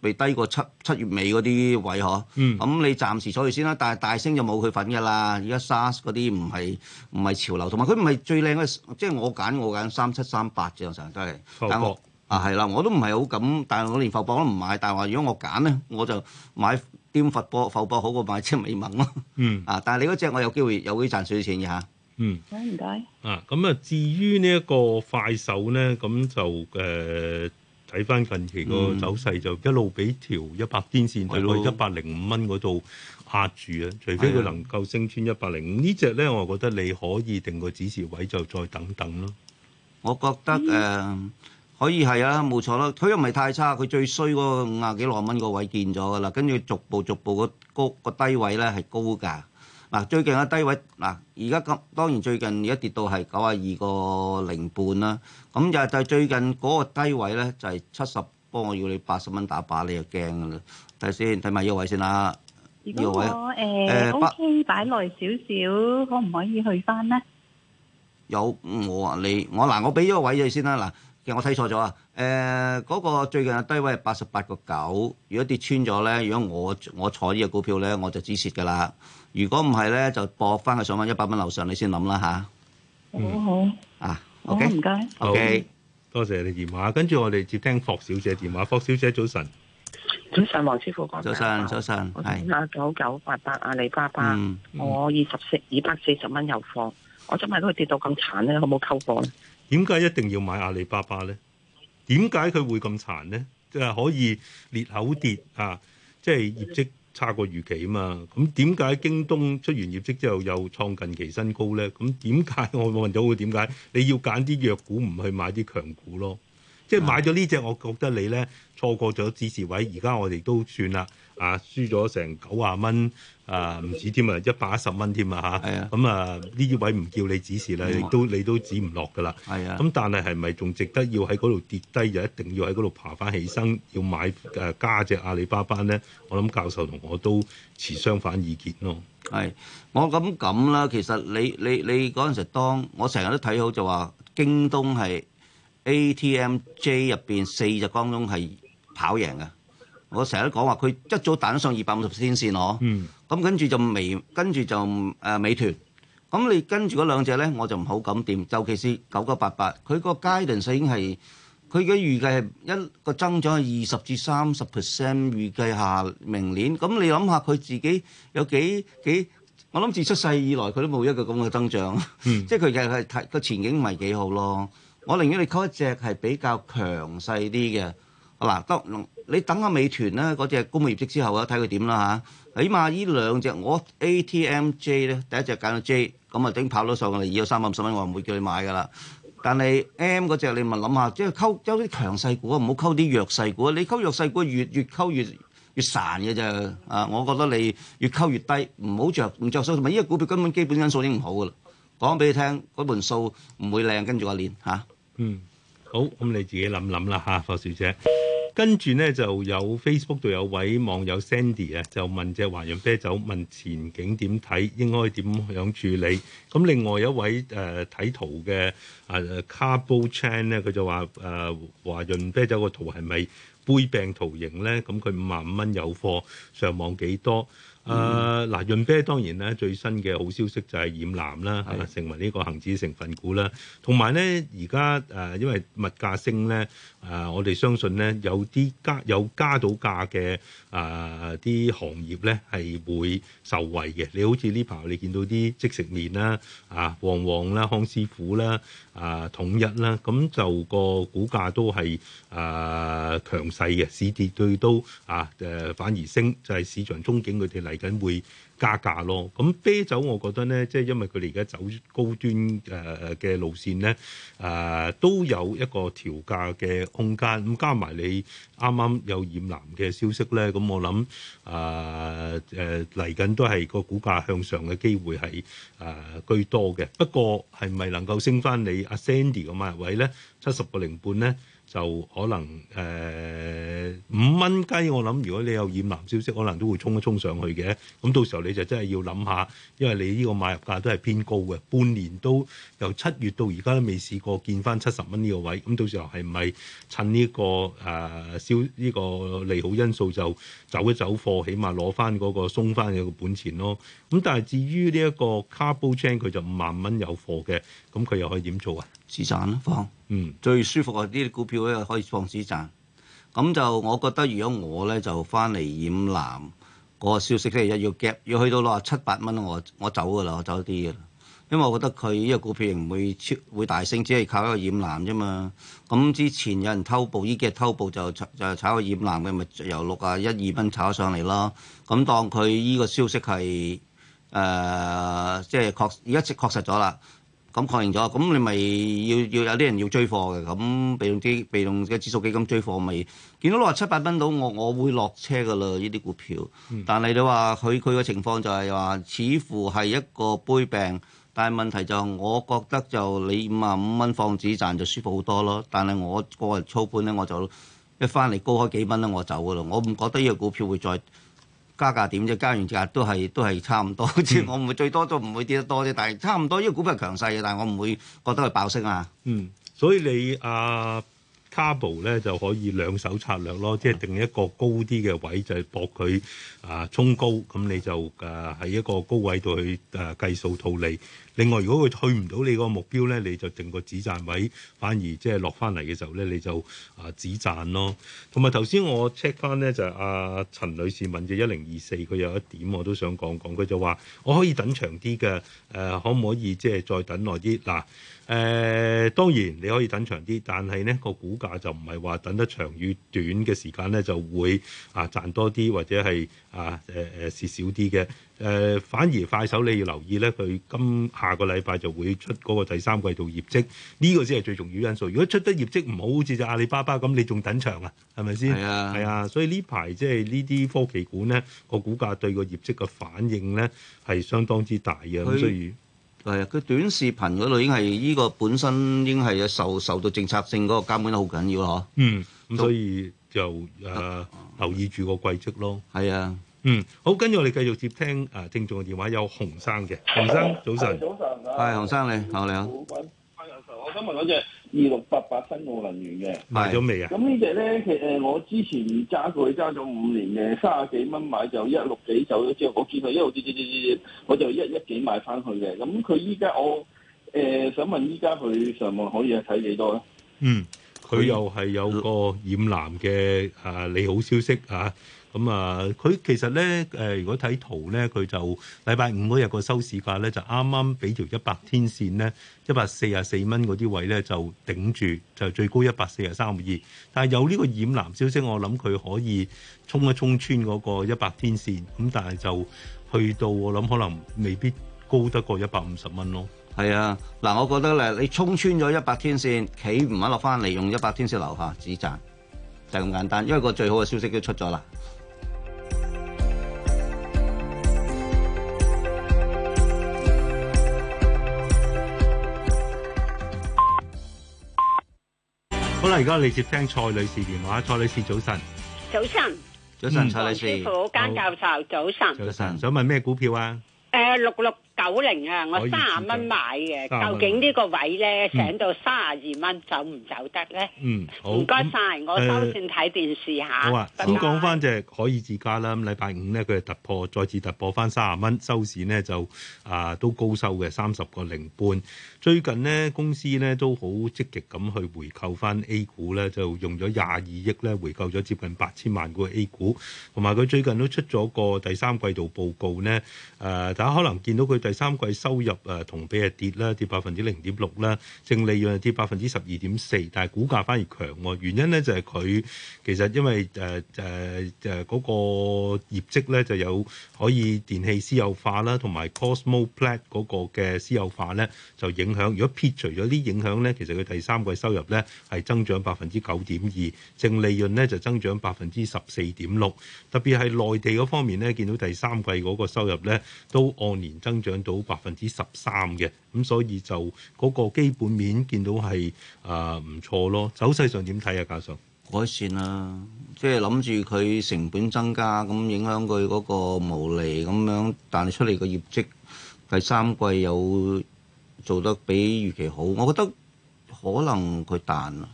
未低過七七月尾嗰啲位呵。咁、啊嗯嗯、你暫時坐住先啦。但係大升就冇佢份㗎啦。而家 SaaS 嗰啲唔係唔係潮流，同埋佢唔係最靚嘅，即係我揀我揀三七三八正常都係錯過。啊，係啦，我都唔係好敢，但係我連浮博都唔買。但係話，如果我揀咧，我就買啲浮波。浮博，博好過買隻美文咯。
嗯。
啊，但係你嗰隻我有機會有機會賺少少錢嘅嚇。呃、嗯。唔該。
啊，咁啊，至於呢一個快手咧，咁就誒睇翻近期個走勢，就一路俾條一百天線喺一百零五蚊嗰度壓住啊。除非佢能夠升穿一百零五呢隻咧，我覺得你可以定個指示位就再等等咯。
我覺得誒。嗯啊可以係啊，冇錯啦，佢又唔係太差，佢最衰嗰五廿幾攞蚊個位見咗噶啦，跟住逐步逐步個高個低位咧係高噶，嗱最近嘅低位嗱而家今當然最近而家跌到係九啊二個零半啦，咁就係就係最近嗰個低位咧就係七十幫我要你八十蚊打把你就驚噶啦，睇下先，睇埋呢個位先啊，呢個
位？誒 O K 擺耐少少，可唔 okay, 可
以去翻咧？有我啊，你我嗱我俾咗個位你先啦嗱。我睇錯咗啊！誒、呃，嗰個最近嘅低位係八十八個九，如果跌穿咗咧，如果我我坐呢個股票咧，我就止蝕噶啦。如果唔係
咧，就搏翻去上翻一百蚊樓上，你先諗啦吓，
好好啊，OK，唔該。OK，
多謝你電話。跟住我哋接聽霍小姐電話。霍小姐早晨，
早
晨，早晨，黃師傅，早晨，早
晨。係啊、嗯，
九九八八阿里巴巴，我二
十四二百四十蚊有貨，我真係都跌到咁慘咧？可唔可溝貨咧？點解一定要買阿里巴巴咧？點解佢會咁殘咧？即係可以裂口跌啊！即係業績差過預期啊嘛！咁點解京東出完業績之後又創近期新高咧？咁點解我問咗佢點解？你要揀啲弱股唔去買啲強股咯？即係買咗呢隻，我覺得你咧錯過咗支持位，而家我哋都算啦啊，輸咗成九啊蚊。啊，唔止添啊，一百一十蚊添啊嚇！咁啊，呢啲、啊啊、位唔叫你指示咧，亦、啊、都你都指唔落噶啦。係啊，咁、啊、但係係咪仲值得要喺嗰度跌低，就一定要喺嗰度爬翻起身，要買誒、啊、加隻阿里巴巴咧？我諗教授同我都持相反意見咯。係，
我咁咁啦，其實你你你嗰陣時，當我成日都睇好就話，京東係 ATMJ 入邊四隻當中係跑贏啊。我成日都講話，佢一早彈上二百五十天線哦，咁、嗯、跟住就微，跟住就誒、呃、美團。咁你跟住嗰兩隻咧，我就唔好咁掂。尤其是九九八八，佢個 guidance 已經係，佢嘅預計係一個增長係二十至三十 percent，預計下明年。咁、嗯、你諗下，佢自己有幾幾？我諗自出世以來，佢都冇一個咁嘅增長。嗯、即係佢嘅實睇個前景唔係幾好咯。我寧願你溝一隻係比較強勢啲嘅。嗱，得你等下美團咧嗰隻公布業績之後啊，睇佢點啦吓，起碼依兩隻，我 ATMJ 咧第一隻揀到 J，咁啊已跑咗上嚟，而家三百五十蚊，我唔會叫你買噶啦。但係 M 嗰隻你咪諗下，即係溝有啲強勢股啊，唔好溝啲弱勢股啊。你溝弱勢股越越溝越越殘嘅就啊，我覺得你越溝越低，唔好着唔著數，同埋依個股票根本基本因素已經唔好噶啦。講俾你聽，嗰盤數唔會靚，跟住個鏈嚇。嗯，
好，咁你自己諗諗啦嚇，霍小姐。跟住咧就有 Facebook 度有位網友 Sandy 啊，就問隻華潤啤酒問前景點睇，應該點樣處理？咁另外一位誒睇、呃、圖嘅啊、呃、Carbo Chan 咧，佢就話誒華潤啤酒個圖係咪杯柄圖形咧？咁佢五萬五蚊有貨，上網幾多？誒嗱、嗯啊，潤啤當然咧最新嘅好消息就係染藍啦，係嘛的成為呢個恒指成分股啦。同埋咧，而家誒因為物價升咧，誒、呃、我哋相信咧有啲加有加到價嘅誒啲行業咧係會受惠嘅。你好似呢排你見到啲即食麵啦、啊旺旺啦、康師傅啦、啊統一啦，咁就個股價都係誒強勢嘅，市跌對都啊誒、呃、反而升，就係、是、市場憧憬佢哋啦。嚟緊會加價咯，咁、嗯、啤酒我覺得咧，即係因為佢哋而家走高端誒嘅、呃、路線咧，誒、呃、都有一個調價嘅空間。咁加埋你啱啱有染藍嘅消息咧，咁、嗯、我諗誒誒嚟緊都係個股價向上嘅機會係誒、呃、居多嘅。不過係咪能夠升翻你阿 Sandy 咁買位咧？七十個零半咧？呢就可能誒、呃、五蚊雞，我諗如果你有染藍消息，可能都會衝一衝上去嘅。咁到時候你就真係要諗下，因為你呢個買入價都係偏高嘅，半年都由七月到而家都未試過見翻七十蚊呢個位。咁到時候係咪趁呢個誒、呃、消呢個利好因素就走一走貨，起碼攞翻嗰個鬆翻嘅本錢咯？咁但係至於呢一個 carbo chain，佢就五萬蚊有貨嘅，咁佢又可以點做啊？止
賺咯，放，
嗯、最舒服啊！啲股票咧可以放止賺，咁就我覺得，如果我
咧就翻嚟染藍，嗰、那個消息咧一要 gap 要去到六啊七八蚊，600，我我走噶啦，我走啲噶啦，因為我覺得佢呢個股票唔會超會大升，只係靠一個染藍啫嘛。咁之前有人偷步，呢幾日偷步就就炒個染藍嘅，咪由六啊一二蚊炒上嚟啦。咁當佢依個消息係誒，即、呃、係、就是、確而家確實咗啦。咁確認咗，咁你咪要要有啲人要追貨嘅，咁被動啲被動嘅指數基金追貨，咪見到六七八蚊到，我我會落車噶嘞。呢啲股票，但係你話佢佢個情況就係話，似乎係一個杯柄，但係問題就係、我覺得就你五啊五蚊放止賺就舒服好多咯。但係我個人操盤咧，我就一翻嚟高開幾蚊咧，我就走噶咯。我唔覺得呢個股票會再。加價點啫，加完價都係都係差唔多，即係，嗯，我唔會最多都唔會跌得多啲，但係差唔多。因為股票係強勢嘅，但係我唔會覺得佢爆升啊。嗯，所
以你啊，卡布咧就可以兩手策略咯，即係定一個高啲嘅位就係搏佢啊衝高，咁你就啊喺一個高位度去啊計數套利。另外，如果佢去唔到你個目標咧，你就定個止賺位，反而即係落翻嚟嘅時候咧，你就啊止賺咯。同埋頭先我 check 翻咧就阿、是啊、陳女士問嘅一零二四，佢有一點我都想講講，佢就話我可以等長啲嘅，誒、啊、可唔可以即係再等耐啲嗱？誒、啊啊、當然你可以等長啲，但係咧個股價就唔係話等得長與短嘅時間咧就會啊賺多啲或者係啊誒誒蝕少啲嘅。誒，反而快手你要留意咧，佢今下個禮拜就會出嗰個第三季度業績，呢、這個先係最重要因素。如果出得業績唔好，好似就阿里巴巴咁，so，你仲等長啊？係咪先？係啊，係啊。所以呢排即係呢啲科技股咧，個股價對個業績嘅反應咧係相當之大嘅。咁所以係啊，佢短視頻嗰度應係呢個本身應係受受到政策性嗰個監管得好緊要咯。嗯，咁所以就誒留意住個季績咯。係、uh, 啊 Actually,、uh。S 2 neutral arias 嗯，好，跟住我哋繼續接聽啊，聽眾嘅電話有洪生嘅，洪生早晨，
早晨，係、啊
哎、洪生你，你好你好。啊、
我想問嗰隻二六八八新奧能源嘅是
買咗未啊？咁
呢隻咧，其實我之前揸過，佢揸咗五年嘅，三十幾蚊買就一六幾走咗之後，我見佢一路跌跌跌跌，我就一一幾買翻去嘅。咁佢依家我誒、呃、想問，依家佢上網可以睇幾多
咧？嗯，佢又係有個染藍嘅啊利好消息啊！咁啊！佢、嗯、其實咧，誒、呃，如果睇圖咧，佢就禮拜五嗰日個收市價咧，就啱啱俾條一百天線咧，一百四十四蚊嗰啲位咧就頂住，就是、最高一百四十三個二。但係有呢個染藍消息，我諗佢可以衝一衝穿嗰個一百天線咁，但係就去到我諗可能未必高得過一百五十蚊咯。
係啊，嗱，我覺得咧，你衝穿咗一百天線，企唔肯落翻嚟，用一百天線留下止賺，就咁簡單。因為個最好嘅消息都出咗啦。
好啦，而家你接聽蔡女士電話。蔡女士早晨，
早
晨，早晨，嗯、蔡女士，好，姜
教授好早晨，早
晨，想問咩股票啊？
誒、呃，六六。九零啊，90，我三十蚊買嘅的，究
竟呢個位咧上，嗯、到三十二蚊走唔走得咧？嗯，好唔
該晒，嗯、我收線
睇電視嚇。好啊，咁講翻隻海爾自家啦。咁禮拜五咧佢係突破，再次突破翻三十蚊收市呢，就啊都高收嘅三十個零半。最近呢，公司呢都好積極咁去回購翻 A 股咧，就用咗廿二億咧回購咗接近八千萬個 A 股，同埋佢最近都出咗個第三季度報告呢，誒、呃，大家可能見到佢第第三季收入誒同比係跌啦，跌百分之零點六啦，淨利潤係跌百分之十二點四，但係股價反而強喎。原因呢就係佢其實因為誒誒誒嗰個業績咧就有可以電器私有化啦，同埋 Cosmo Plat 嗰個嘅私有化咧就影響。如果撇除咗啲影響咧，其實佢第三季收入咧係增長百分之九點二，淨利潤咧就增長百分之十四點六。特別係內地嗰方面咧，見到第三季嗰個收入咧都按年增長。到百分之十三嘅，咁所以就嗰個基本面見到係誒唔錯咯。走勢上點睇啊，教授改善啦、啊，即係諗住佢成
本增加，咁影響佢嗰個毛利咁樣，但係出嚟個業績第三季有做得比預期好，我覺得可能佢彈啊，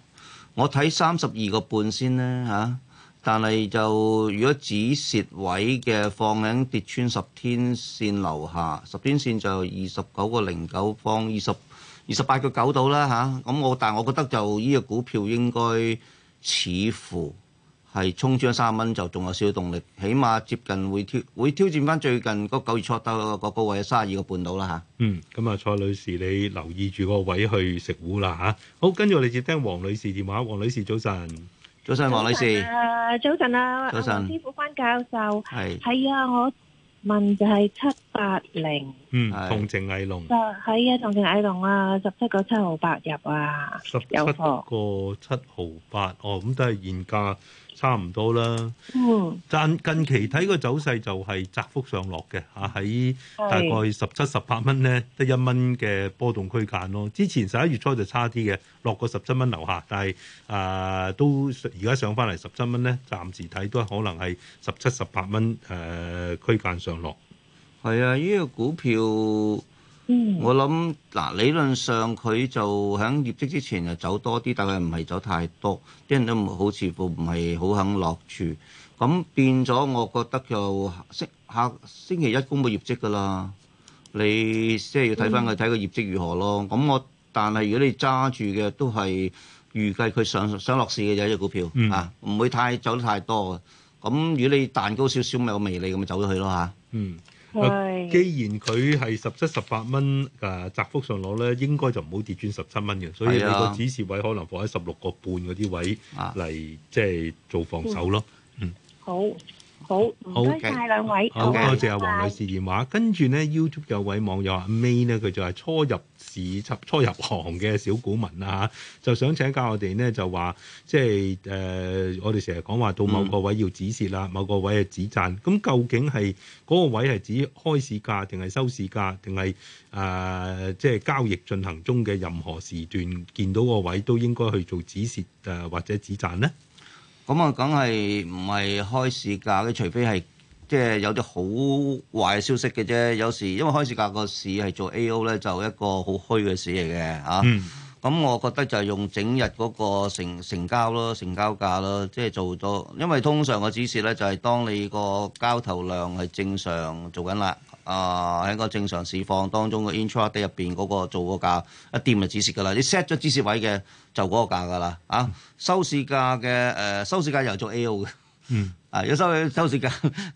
我睇三十二個半先咧吓。但係就如果止蝕位嘅放喺跌穿十天線樓下，十天線就二十九個零九方，二十二十八個九度啦吓，咁、啊、我但係我覺得就呢、這個股票應該似乎係衝穿三蚊就仲有少少動力，起碼接近會挑會挑戰翻最近個九月初頭、嗰個高位三十二個半
度啦吓，啊、嗯，咁啊，蔡女士你留意住個位去食糊啦吓，好，跟住我哋接聽黃女士電話。黃女士早晨。早晨，王
女士。早晨啊，阿、啊晨啊、師傅關教授。係是。係啊，我問就係七八零。
嗯，同程藝龍。
啊，係啊，同程藝龍啊，十七個七毫八入啊。
十七個七毫八哦，咁都係現價。差唔多啦，近近期睇個走勢就係窄幅上落嘅，喺大概十七、十八蚊咧，得一蚊嘅波動區間咯。之前十一月初就差啲嘅，落過十七蚊樓下，但係啊、呃、都而家上翻嚟十七蚊咧，暫時睇都係可能係十七、十八蚊誒區間上落。係啊，呢、呢個股票。
我諗嗱，理論上佢就喺業績之前就走多啲，但係唔係走太多，啲人都冇好似乎唔係好肯落注，咁變咗我覺得就星下，下星期一公布業績㗎啦，你即係要睇翻佢睇個業績如何咯。咁我但係如果你揸住嘅都係預計佢上上落市嘅有隻股票嚇，唔、嗯啊、會太走得太多嘅。咁
如果你彈高少少咪有微利咁咪走咗去咯嚇。啊嗯啊、既然佢係十七十八蚊誒窄幅上落咧，應該就唔好跌穿十七蚊嘅，所以你個指示位可能放喺十六個半嗰啲位嚟，即係的、就是、做防守咯。嗯，
嗯好。好，唔該晒。兩位，okay, 好多謝阿黃女
士電話。跟住呢 YouTube 有位網友阿 May，呢佢就係初入市輯、初入行嘅小股民啊，就想請教我哋呢，就話即係誒，我哋成日講話到某個位要止蝕啦，嗯、某個位係止賺，咁究竟係嗰、那個位係指開市價定係收市價，定係誒即係交易進行中嘅任何時段見到個位，都應該去做止蝕誒或者止賺呢？咁啊，梗係唔係開市
價嘅？除非係即係有啲好壞消息嘅啫。有時因為開市價個市係做 A.O. 咧，就一個好虛嘅市嚟嘅嚇。咁、嗯啊、我覺得就係用整日嗰個成成交咯，成交價咯，即、就、係、是、做多。因為通常個指示咧，就係、是、當你個交投量係正常做緊啦。啊，喺個正常市況當中個 intraday 入面嗰個做個價一跌就止蝕㗎啦，你 set 咗止蝕位嘅就嗰個價㗎啦，啊，收市價嘅、呃、收市價又做 AO 嘅。嗯，啊，有收有收市價，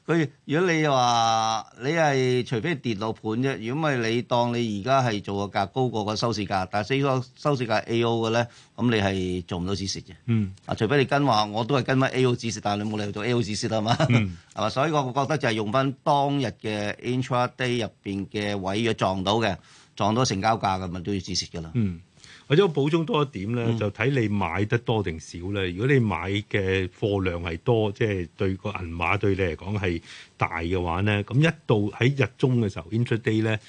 佢如果你話你係除非跌落盤啫，如果唔係你當你而家係做個價高過個收市價，但係呢個收市價 A.O. 嘅咧，咁你係做唔到止蝕嘅。嗯，啊，除非你跟話，我都係跟翻 A.O. 止蝕，但係你冇理由做 A.O. 止蝕啦嘛。係嘛、嗯， 所以我覺得就係用翻當日嘅 Entry Day 入邊嘅位要
撞到嘅，撞到成交價咁咪都要止蝕噶啦。嗯。或者我想補充多一點咧，嗯、就睇你買得多定少咧。如果你買嘅貨量係多，即、就、係、是、對個銀碼對你嚟講係大嘅話咧，咁一到喺日中嘅時候 intraday 咧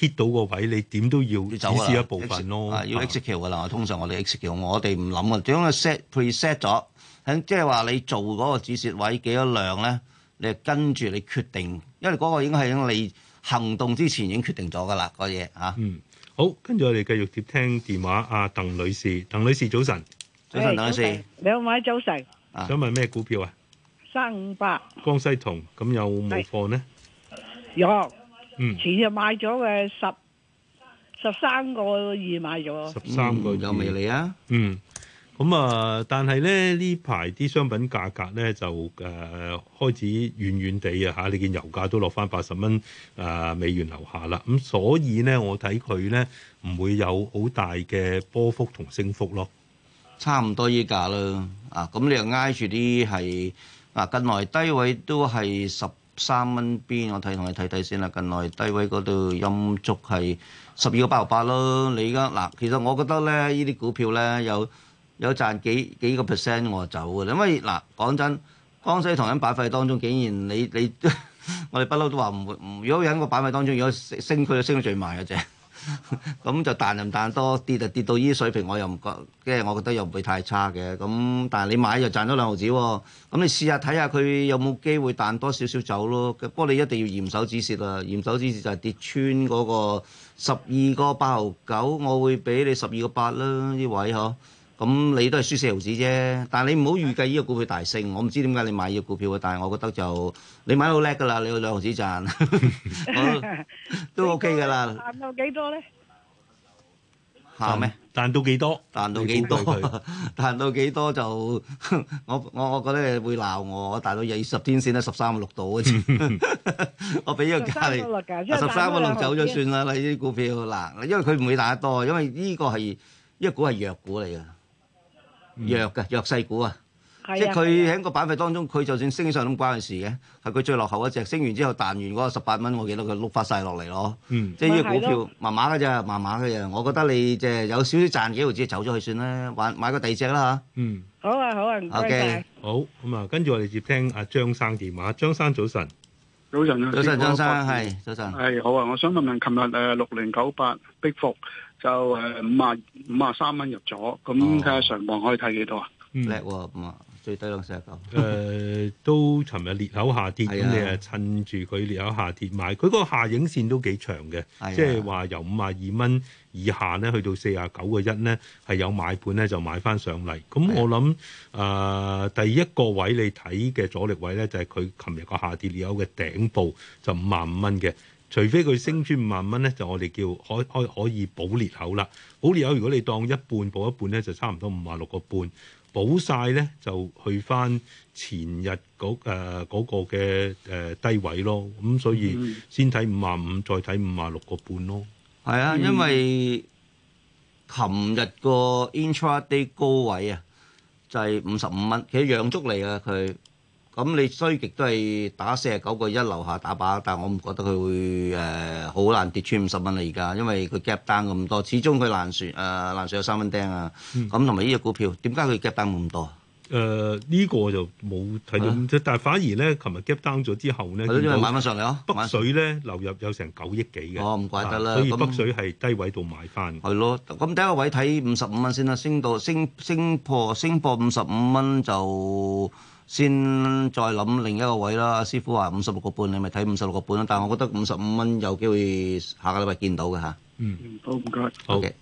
hit 到個位，你點都要止蝕一部分咯。
要 execute 嘅啦，啊啊、通常我哋 execute，我哋唔諗嘅，只講 set preset 咗，即係話你做嗰個止蝕位幾多量咧，你就跟住你決定，因為嗰個已經係你行動之前已經決定咗
嘅啦，嗰個嘢嚇。啊嗯好，跟住我哋繼續接聽電話。阿鄧女士，鄧女士早晨，早晨，鄧女士，
兩位早晨。
想問咩股票啊？
三五八，
江西銅咁有冇貨呢？
有，嗯，前日買咗嘅十十三個月買咗，十
三個月有未嚟啊？嗯。咁啊、嗯！但係咧呢排啲商品價格咧就誒、呃、開始軟軟地啊嚇。你見油價都落翻八十蚊啊美元樓下啦。咁、嗯、所以咧，我睇佢咧唔會有好大嘅波幅同升幅咯。
差唔多依價啦啊！咁你又挨住啲係啊，近來低位都係十三蚊邊。我睇同你睇睇先啦。近來低位嗰度陰足係十二個八六八咯。你而家嗱，其實我覺得咧，呢啲股票咧有。有賺幾幾個 percent，我就走㗎啦。因為嗱講真，江西同欣板塊當中，竟然你你 我哋不嬲都話唔會唔。如果喺個板塊當中，如果升佢就升得最慢嘅啫。咁 就彈就彈，彈多，跌就跌到呢啲水平，我又唔覺，即係我覺得又唔會太差嘅。咁但係你買就賺咗兩毫子喎。咁你試下睇下佢有冇機會彈多少少走咯。不過你一定要嚴守止蝕啦。嚴守止蝕就係跌穿嗰個十二個八毫九，我會俾你十二個八啦。呢位嗬。咁你都係輸四毫子啫，但係你唔好預計呢個股票大升。我唔知點解你買呢個股票啊，但係我覺得就你買得好叻㗎啦，你去兩毫子賺，都 OK 㗎啦。賺到
幾多咧？
賺咩？賺到幾多？賺到幾多？賺到幾多就我我我覺得會鬧我。我大到有二十天線得十三個六度嗰次，我俾呢個價你十三個六價，十三個六走咗算啦。你呢啲股票嗱，因為佢唔會大得多，因為呢個係呢個股係弱股嚟嘅。弱嘅弱勢股啊，即係佢喺個板塊當中，佢就算升上都唔關佢事嘅，係佢最落後一隻，升完之後彈完嗰十八蚊，我記得佢碌翻晒落嚟咯。即係呢啲股票，慢慢嘅啫，慢慢嘅嘢。我覺得你即係有少少賺幾毫子，走咗去算啦，買買
個第二隻啦
嚇。嗯，好啊，好
啊，OK 好咁啊，跟住我哋接聽阿張生電話。張生早晨，早晨，早晨，張生係早晨，係好啊。我想問問，琴日
誒
六零九八逼服。就誒、呃、五啊五啊三蚊入咗，咁
睇下上望可以睇幾多啊？叻喎、嗯，五啊最低六四十九。誒，都尋日裂口下跌，咁、啊、你係趁住佢裂口下跌買，佢個下影線都幾長嘅，即係話由五啊二蚊以下咧，去到四啊九個一咧，係有買盤咧就買翻上嚟。咁我諗誒、啊呃、第一個位你睇嘅阻力位咧，就係佢琴日個下跌裂口嘅頂部就，就五啊五蚊嘅。除非佢升穿五萬蚊咧，就我哋叫可可以可以補裂口啦。補裂口，如果你當一半補一半咧，就差唔多五萬六個半。補晒咧就去翻前日嗰、嗰、誒個嘅誒、嗰個、低位咯。咁所以先睇五萬五，再睇五萬六個半咯。係啊，因為琴日個 intraday
高位啊，就係五十五蚊，其實陽燭嚟啊佢。咁你衰極都係打四十九個一樓下打靶，但我唔覺得佢會誒好難跌穿五十蚊啦而家，因為佢 gap down 咁多，始終佢爛船誒爛船有三蚊釘啊。咁同埋呢隻股票點解佢 gap down 咁多？
誒呢個就冇睇到啫，但係反而咧，琴日 gap down 咗之後咧，買翻上嚟咯，北水咧流入有成九億幾嘅。哦，唔怪得啦，所以北水係低位度買翻。係咯，咁第一個位睇五十五蚊先啦，升到升
升破升破五十五蚊就。先再諗另一個位啦，師傅話五十六個半，你咪睇五十六個半啦。但係我覺得五十五蚊有機會下個禮拜見
到嘅嚇。嗯，好唔該，O.K.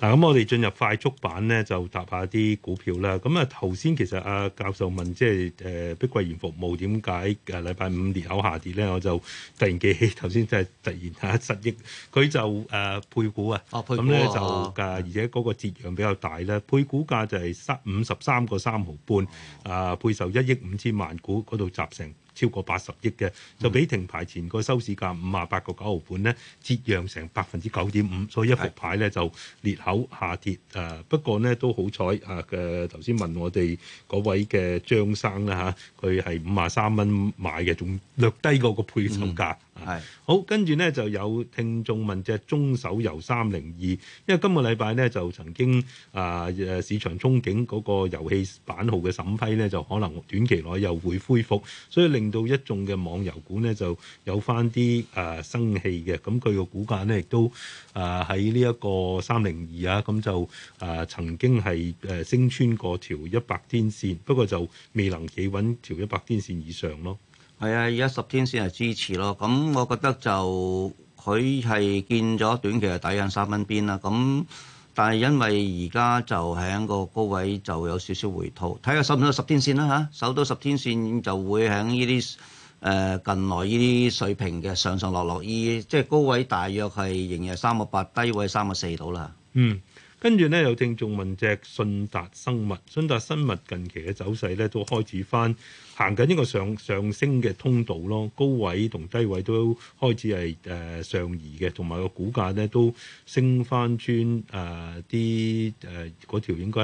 嗱，咁我哋進入快速版咧，就答下啲股票啦。咁啊，頭先其實阿教授問、就是，即係誒碧桂園服務點解誒禮拜五裂口下跌咧，我就突然記起頭先即係突然嚇失憶，佢就誒、呃、配股啊，咁咧就誒而且嗰個折讓比較大咧，配股價就係三五十三個三毫半，啊，配售一億五千萬股嗰度集成。超過八十億嘅，就比停牌前個收市價五啊八個九毫半呢，折讓成百分之九點五，所以一幅牌咧就裂口下跌。誒不過呢，都好彩，誒頭先問我哋嗰位嘅張生啦嚇，佢係五啊三蚊買嘅，仲略低過個配售價。嗯。係好，跟住咧就有聽眾問隻中手游三零二，因為今個禮拜咧就曾經啊誒、呃、市場憧憬嗰個遊戲版號嘅審批咧，就可能短期內又會恢復，所以令到一眾嘅網遊股咧就有返啲誒生氣嘅。咁佢、呃、個股價咧亦都啊喺呢一個三零二啊，咁就啊、呃、曾經係誒、呃、升穿過條一百天線，不過就未能企穩條一百天線以上咯。
係啊，而家十天線係支持咯，咁我覺得就佢係見咗短期係抵喺三分邊啦。咁但係因為而家就喺個高位就有少少回吐，睇下守唔到十天線啦、啊、嚇，守到十天線就會喺呢啲誒近來呢啲水平嘅上上落落，依
即係高位大約係仍然係三個八，低位三個四度啦。嗯。跟住咧，有聽眾問隻信達生物，信達生物近期嘅走勢咧，都開始翻行緊呢個上上升嘅通道咯，高位同低位都開始係誒、呃、上移嘅，同埋個股價咧都升翻穿誒啲誒嗰條應該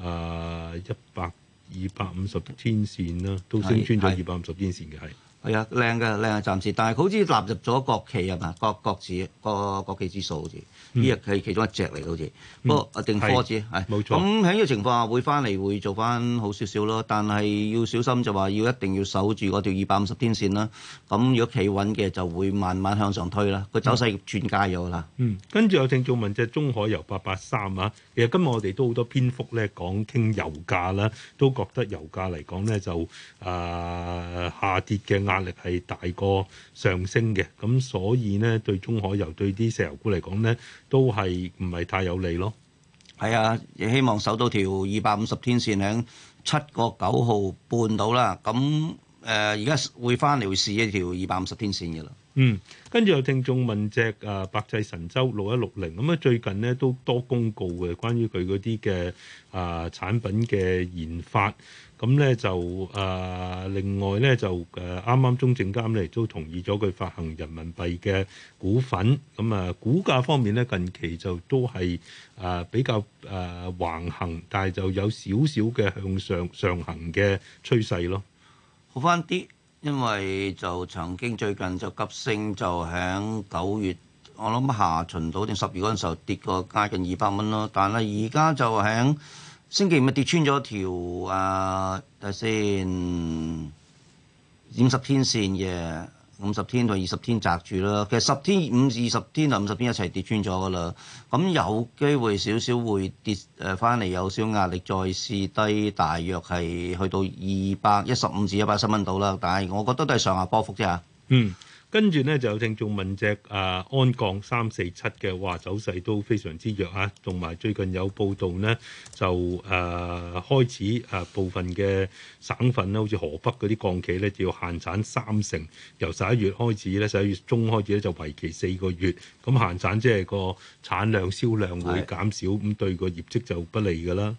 係一百二百五十天線啦，都升穿咗二百五十天線嘅係。是
係啊，靚嘅靚啊，暫時，但係好似納入咗國企啊嘛，個國指個國企指數好似，呢日係其中一隻嚟嘅好似。不過阿定科指係冇錯。咁喺呢個情況下會翻嚟會做翻好少少咯，但係要小心就話要一定要守住嗰條二百五十天線啦。咁如果企穩嘅就會慢慢向
上推啦。個走勢轉佳咗啦。嗯，跟住有聽眾問隻中海油八八三啊。其實今日我哋都好多篇幅咧講傾油價啦，都覺得油價嚟講咧就誒、呃、下跌嘅。壓力係大過上升嘅，咁所以呢，對中海油、對啲石油股嚟講呢，都係唔係太有利咯？
係啊，亦希望守到條二百五十天線喺七個九號半到啦。
咁誒，而、呃、家會翻嚟會試一條二百五十天線嘅啦。嗯，跟住有聽眾問隻啊百濟神州六一六零，咁啊、嗯、最近呢都多公告嘅，關於佢嗰啲嘅啊產品嘅研發。咁咧就啊，另外咧就誒啱啱中證監咧都同意咗佢發行人民幣嘅股份。咁、嗯、啊，股價方面咧近期就都係啊比較啊橫行，但係就有少少嘅向上上行嘅趨勢咯。
好翻啲，因為就曾經最近就急升，就響九月，我諗下旬到定十月嗰陣時候跌過接近二百蚊咯。但係而家就響。星期五咪跌穿咗條啊，睇下先，五十天線嘅五十天到二十天閘住啦。其實十天五至二十天同五十天一齊跌穿咗噶啦。咁有機會少少會跌誒翻嚟，啊、有少壓力再試低，大約係去到二百一十五至一百十蚊度啦。但係我覺得都係上下波幅啫嚇。嗯。
跟住咧就有聽眾問隻啊安鋼三四七嘅話，走勢都非常之弱啊，同埋最近有報道呢，就誒、啊、開始誒、啊、部分嘅省份咧，好似河北嗰啲鋼企咧就要限產三成，由十一月開始咧，十一月中開始咧就為期四個月，咁限產即係個產量銷量會減少，咁是對個業績就不利噶啦。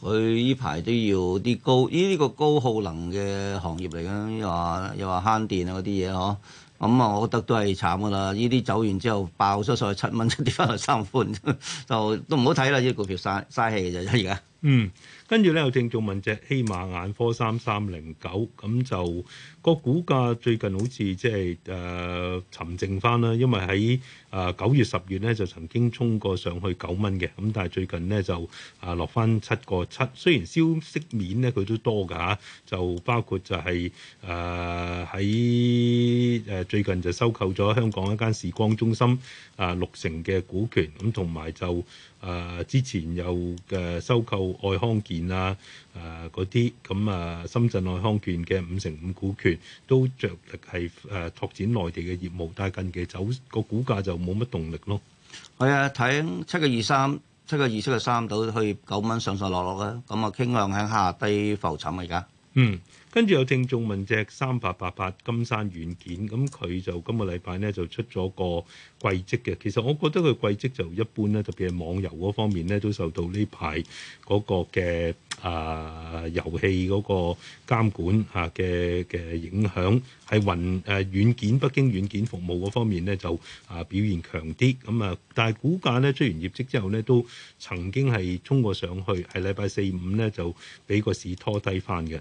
佢呢排都要啲高，依、這、呢個高耗能
嘅行業嚟嘅，又話又話慳電啊嗰啲嘢呵。咁啊，我覺得都係慘㗎啦！呢啲走完之後，爆咗再七蚊，跌翻去三五就都唔好睇啦！呢個條嘥嘥氣嘅啫而
家。嗯。跟住咧有聽眾問隻希馬眼科三三零九，咁、那、就個股價最近好似即係誒沉靜翻啦，因為喺誒九月十月咧就曾經衝過上去九蚊嘅，咁但係最近咧就啊、呃、落翻七個七。雖然消息面咧佢都多㗎吓、啊，就包括就係誒喺誒最近就收購咗香港一間視光中心啊、呃、六成嘅股權，咁同埋就誒、呃、之前有嘅收購愛康健。啊！誒嗰啲咁啊，深圳愛康健嘅五成五股權都着力係誒、啊、拓展內地嘅業務，但係近期走個股價就冇乜動力咯。係啊，睇七個二三、七個二、七個三到去九蚊上上落落啊。咁啊，傾向向下低浮沉啊。而家。嗯。跟住有聽眾問隻三八八八金山軟件，咁佢就今個禮拜呢就出咗個季績嘅。其實我覺得佢季績就一般咧，特別係網遊嗰方面呢，都受到呢排嗰個嘅啊遊戲嗰個監管下嘅嘅影響，喺雲誒軟件、北京軟件服務嗰方面呢，就啊表現強啲。咁啊，但係股價呢，出完業績之後呢，都曾經係衝過上去，係禮拜四五呢，就俾個市拖低翻嘅。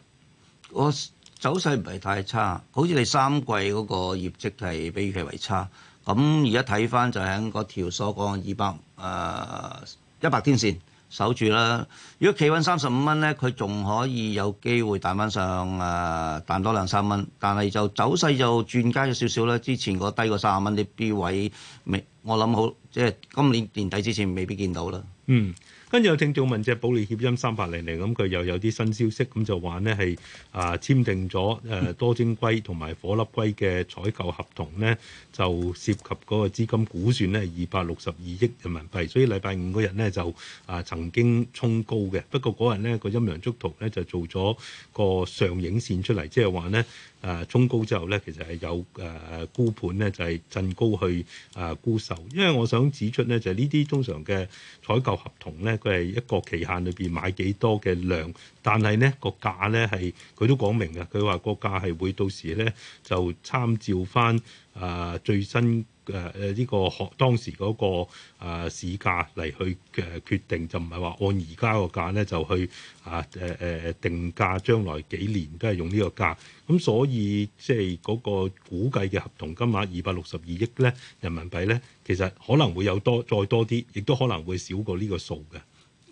我走勢唔係太差，好似你三季嗰個業績係比預期為差。
咁而家睇翻就喺嗰條所講二百，誒一百天線守住啦。如果企穩三十五蚊咧，佢仲可以有機會彈翻上誒彈、呃、多兩三蚊。但係就走勢就轉加咗少少啦。之前個低過三十蚊啲 B
位未，我諗好即係、就是、今年年底之前未必見到啦。嗯。跟住有聽眾問隻保利協鑫，三八零零，咁佢又有啲新消息，咁就話呢係啊簽訂咗誒多晶硅同埋火粒硅嘅採購合同呢，就涉及嗰個資金估算呢，二百六十二億人民幣，所以禮拜五嗰日呢，就啊曾經衝高嘅，不過嗰日呢、個陰陽燭圖呢就做咗個上影線出嚟，即係話呢。誒衝、呃、高之後咧，其實係有誒、呃、沽盤咧，就係、是、震高去誒、呃、沽售。因為我想指出咧，就係呢啲通常嘅採購合同咧，佢係一個期限裏邊買幾多嘅量，但係咧個價咧係佢都講明嘅，佢話個價係會到時咧就參照翻誒、呃、最新。誒誒呢個學當時嗰、嗰個、呃、市價嚟去誒決定，就唔係話按而家個價咧就去啊誒誒定價，將來幾年都係用呢個價。咁、嗯、所以即係嗰個估計嘅合同金額二百六十二億咧人民幣咧，其實可能會有多再多啲，亦都可能會少過呢個數嘅。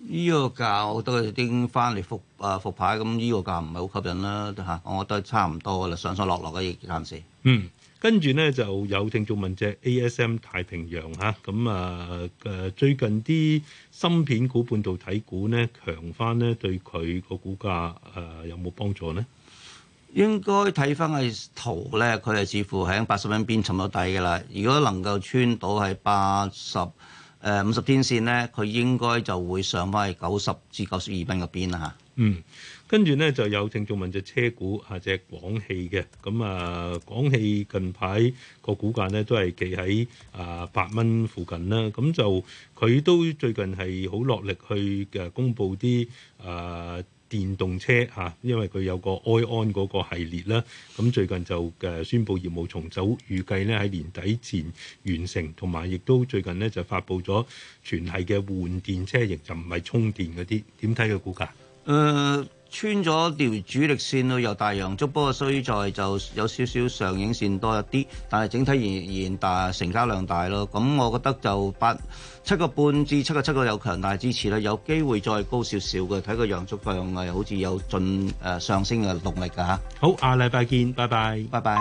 呢個價，我覺得拎翻嚟復啊復牌，咁呢個價唔係好吸引啦嚇。我覺得差唔多啦，上上落落嘅嘅態勢。嗯。跟住咧就有聽眾問：隻 ASM 太平洋嚇咁啊嘅、啊啊、最近啲芯片股，股、半導體股咧強翻咧，對佢個股價誒、啊、有冇幫助咧？
應該睇翻個圖咧，佢係似乎喺八十蚊邊沉咗底嘅啦。如果能夠穿到喺八十誒五十天線咧，佢應該就會上翻去九十至九十二蚊嘅邊啦嚇。啊、嗯。
跟住咧，就有鄭俊文問隻車股，啊隻廣汽嘅咁啊，廣汽近排個股價咧都係企喺啊八蚊附近啦。咁就佢都最近係好落力去嘅，公布啲啊電動車嚇、啊，因為佢有個埃安嗰個系列啦。咁、啊、最近就嘅宣佈業務重組，預計咧喺年底前完成，同埋亦都最近咧就發布咗全系嘅換電車型，就唔係充電嗰啲。點睇嘅股價？
誒、uh。穿咗條主力線咯，又大陽燭，不過雖在就有少少上影線多一啲，但係整體仍然大成交量大咯。咁我覺得就八七個半至七個七個有強大支持啦，有機會再高少少嘅，睇個陽燭放量係好似有進誒上升嘅動力㗎嚇。
好，下禮拜見，拜拜，拜拜。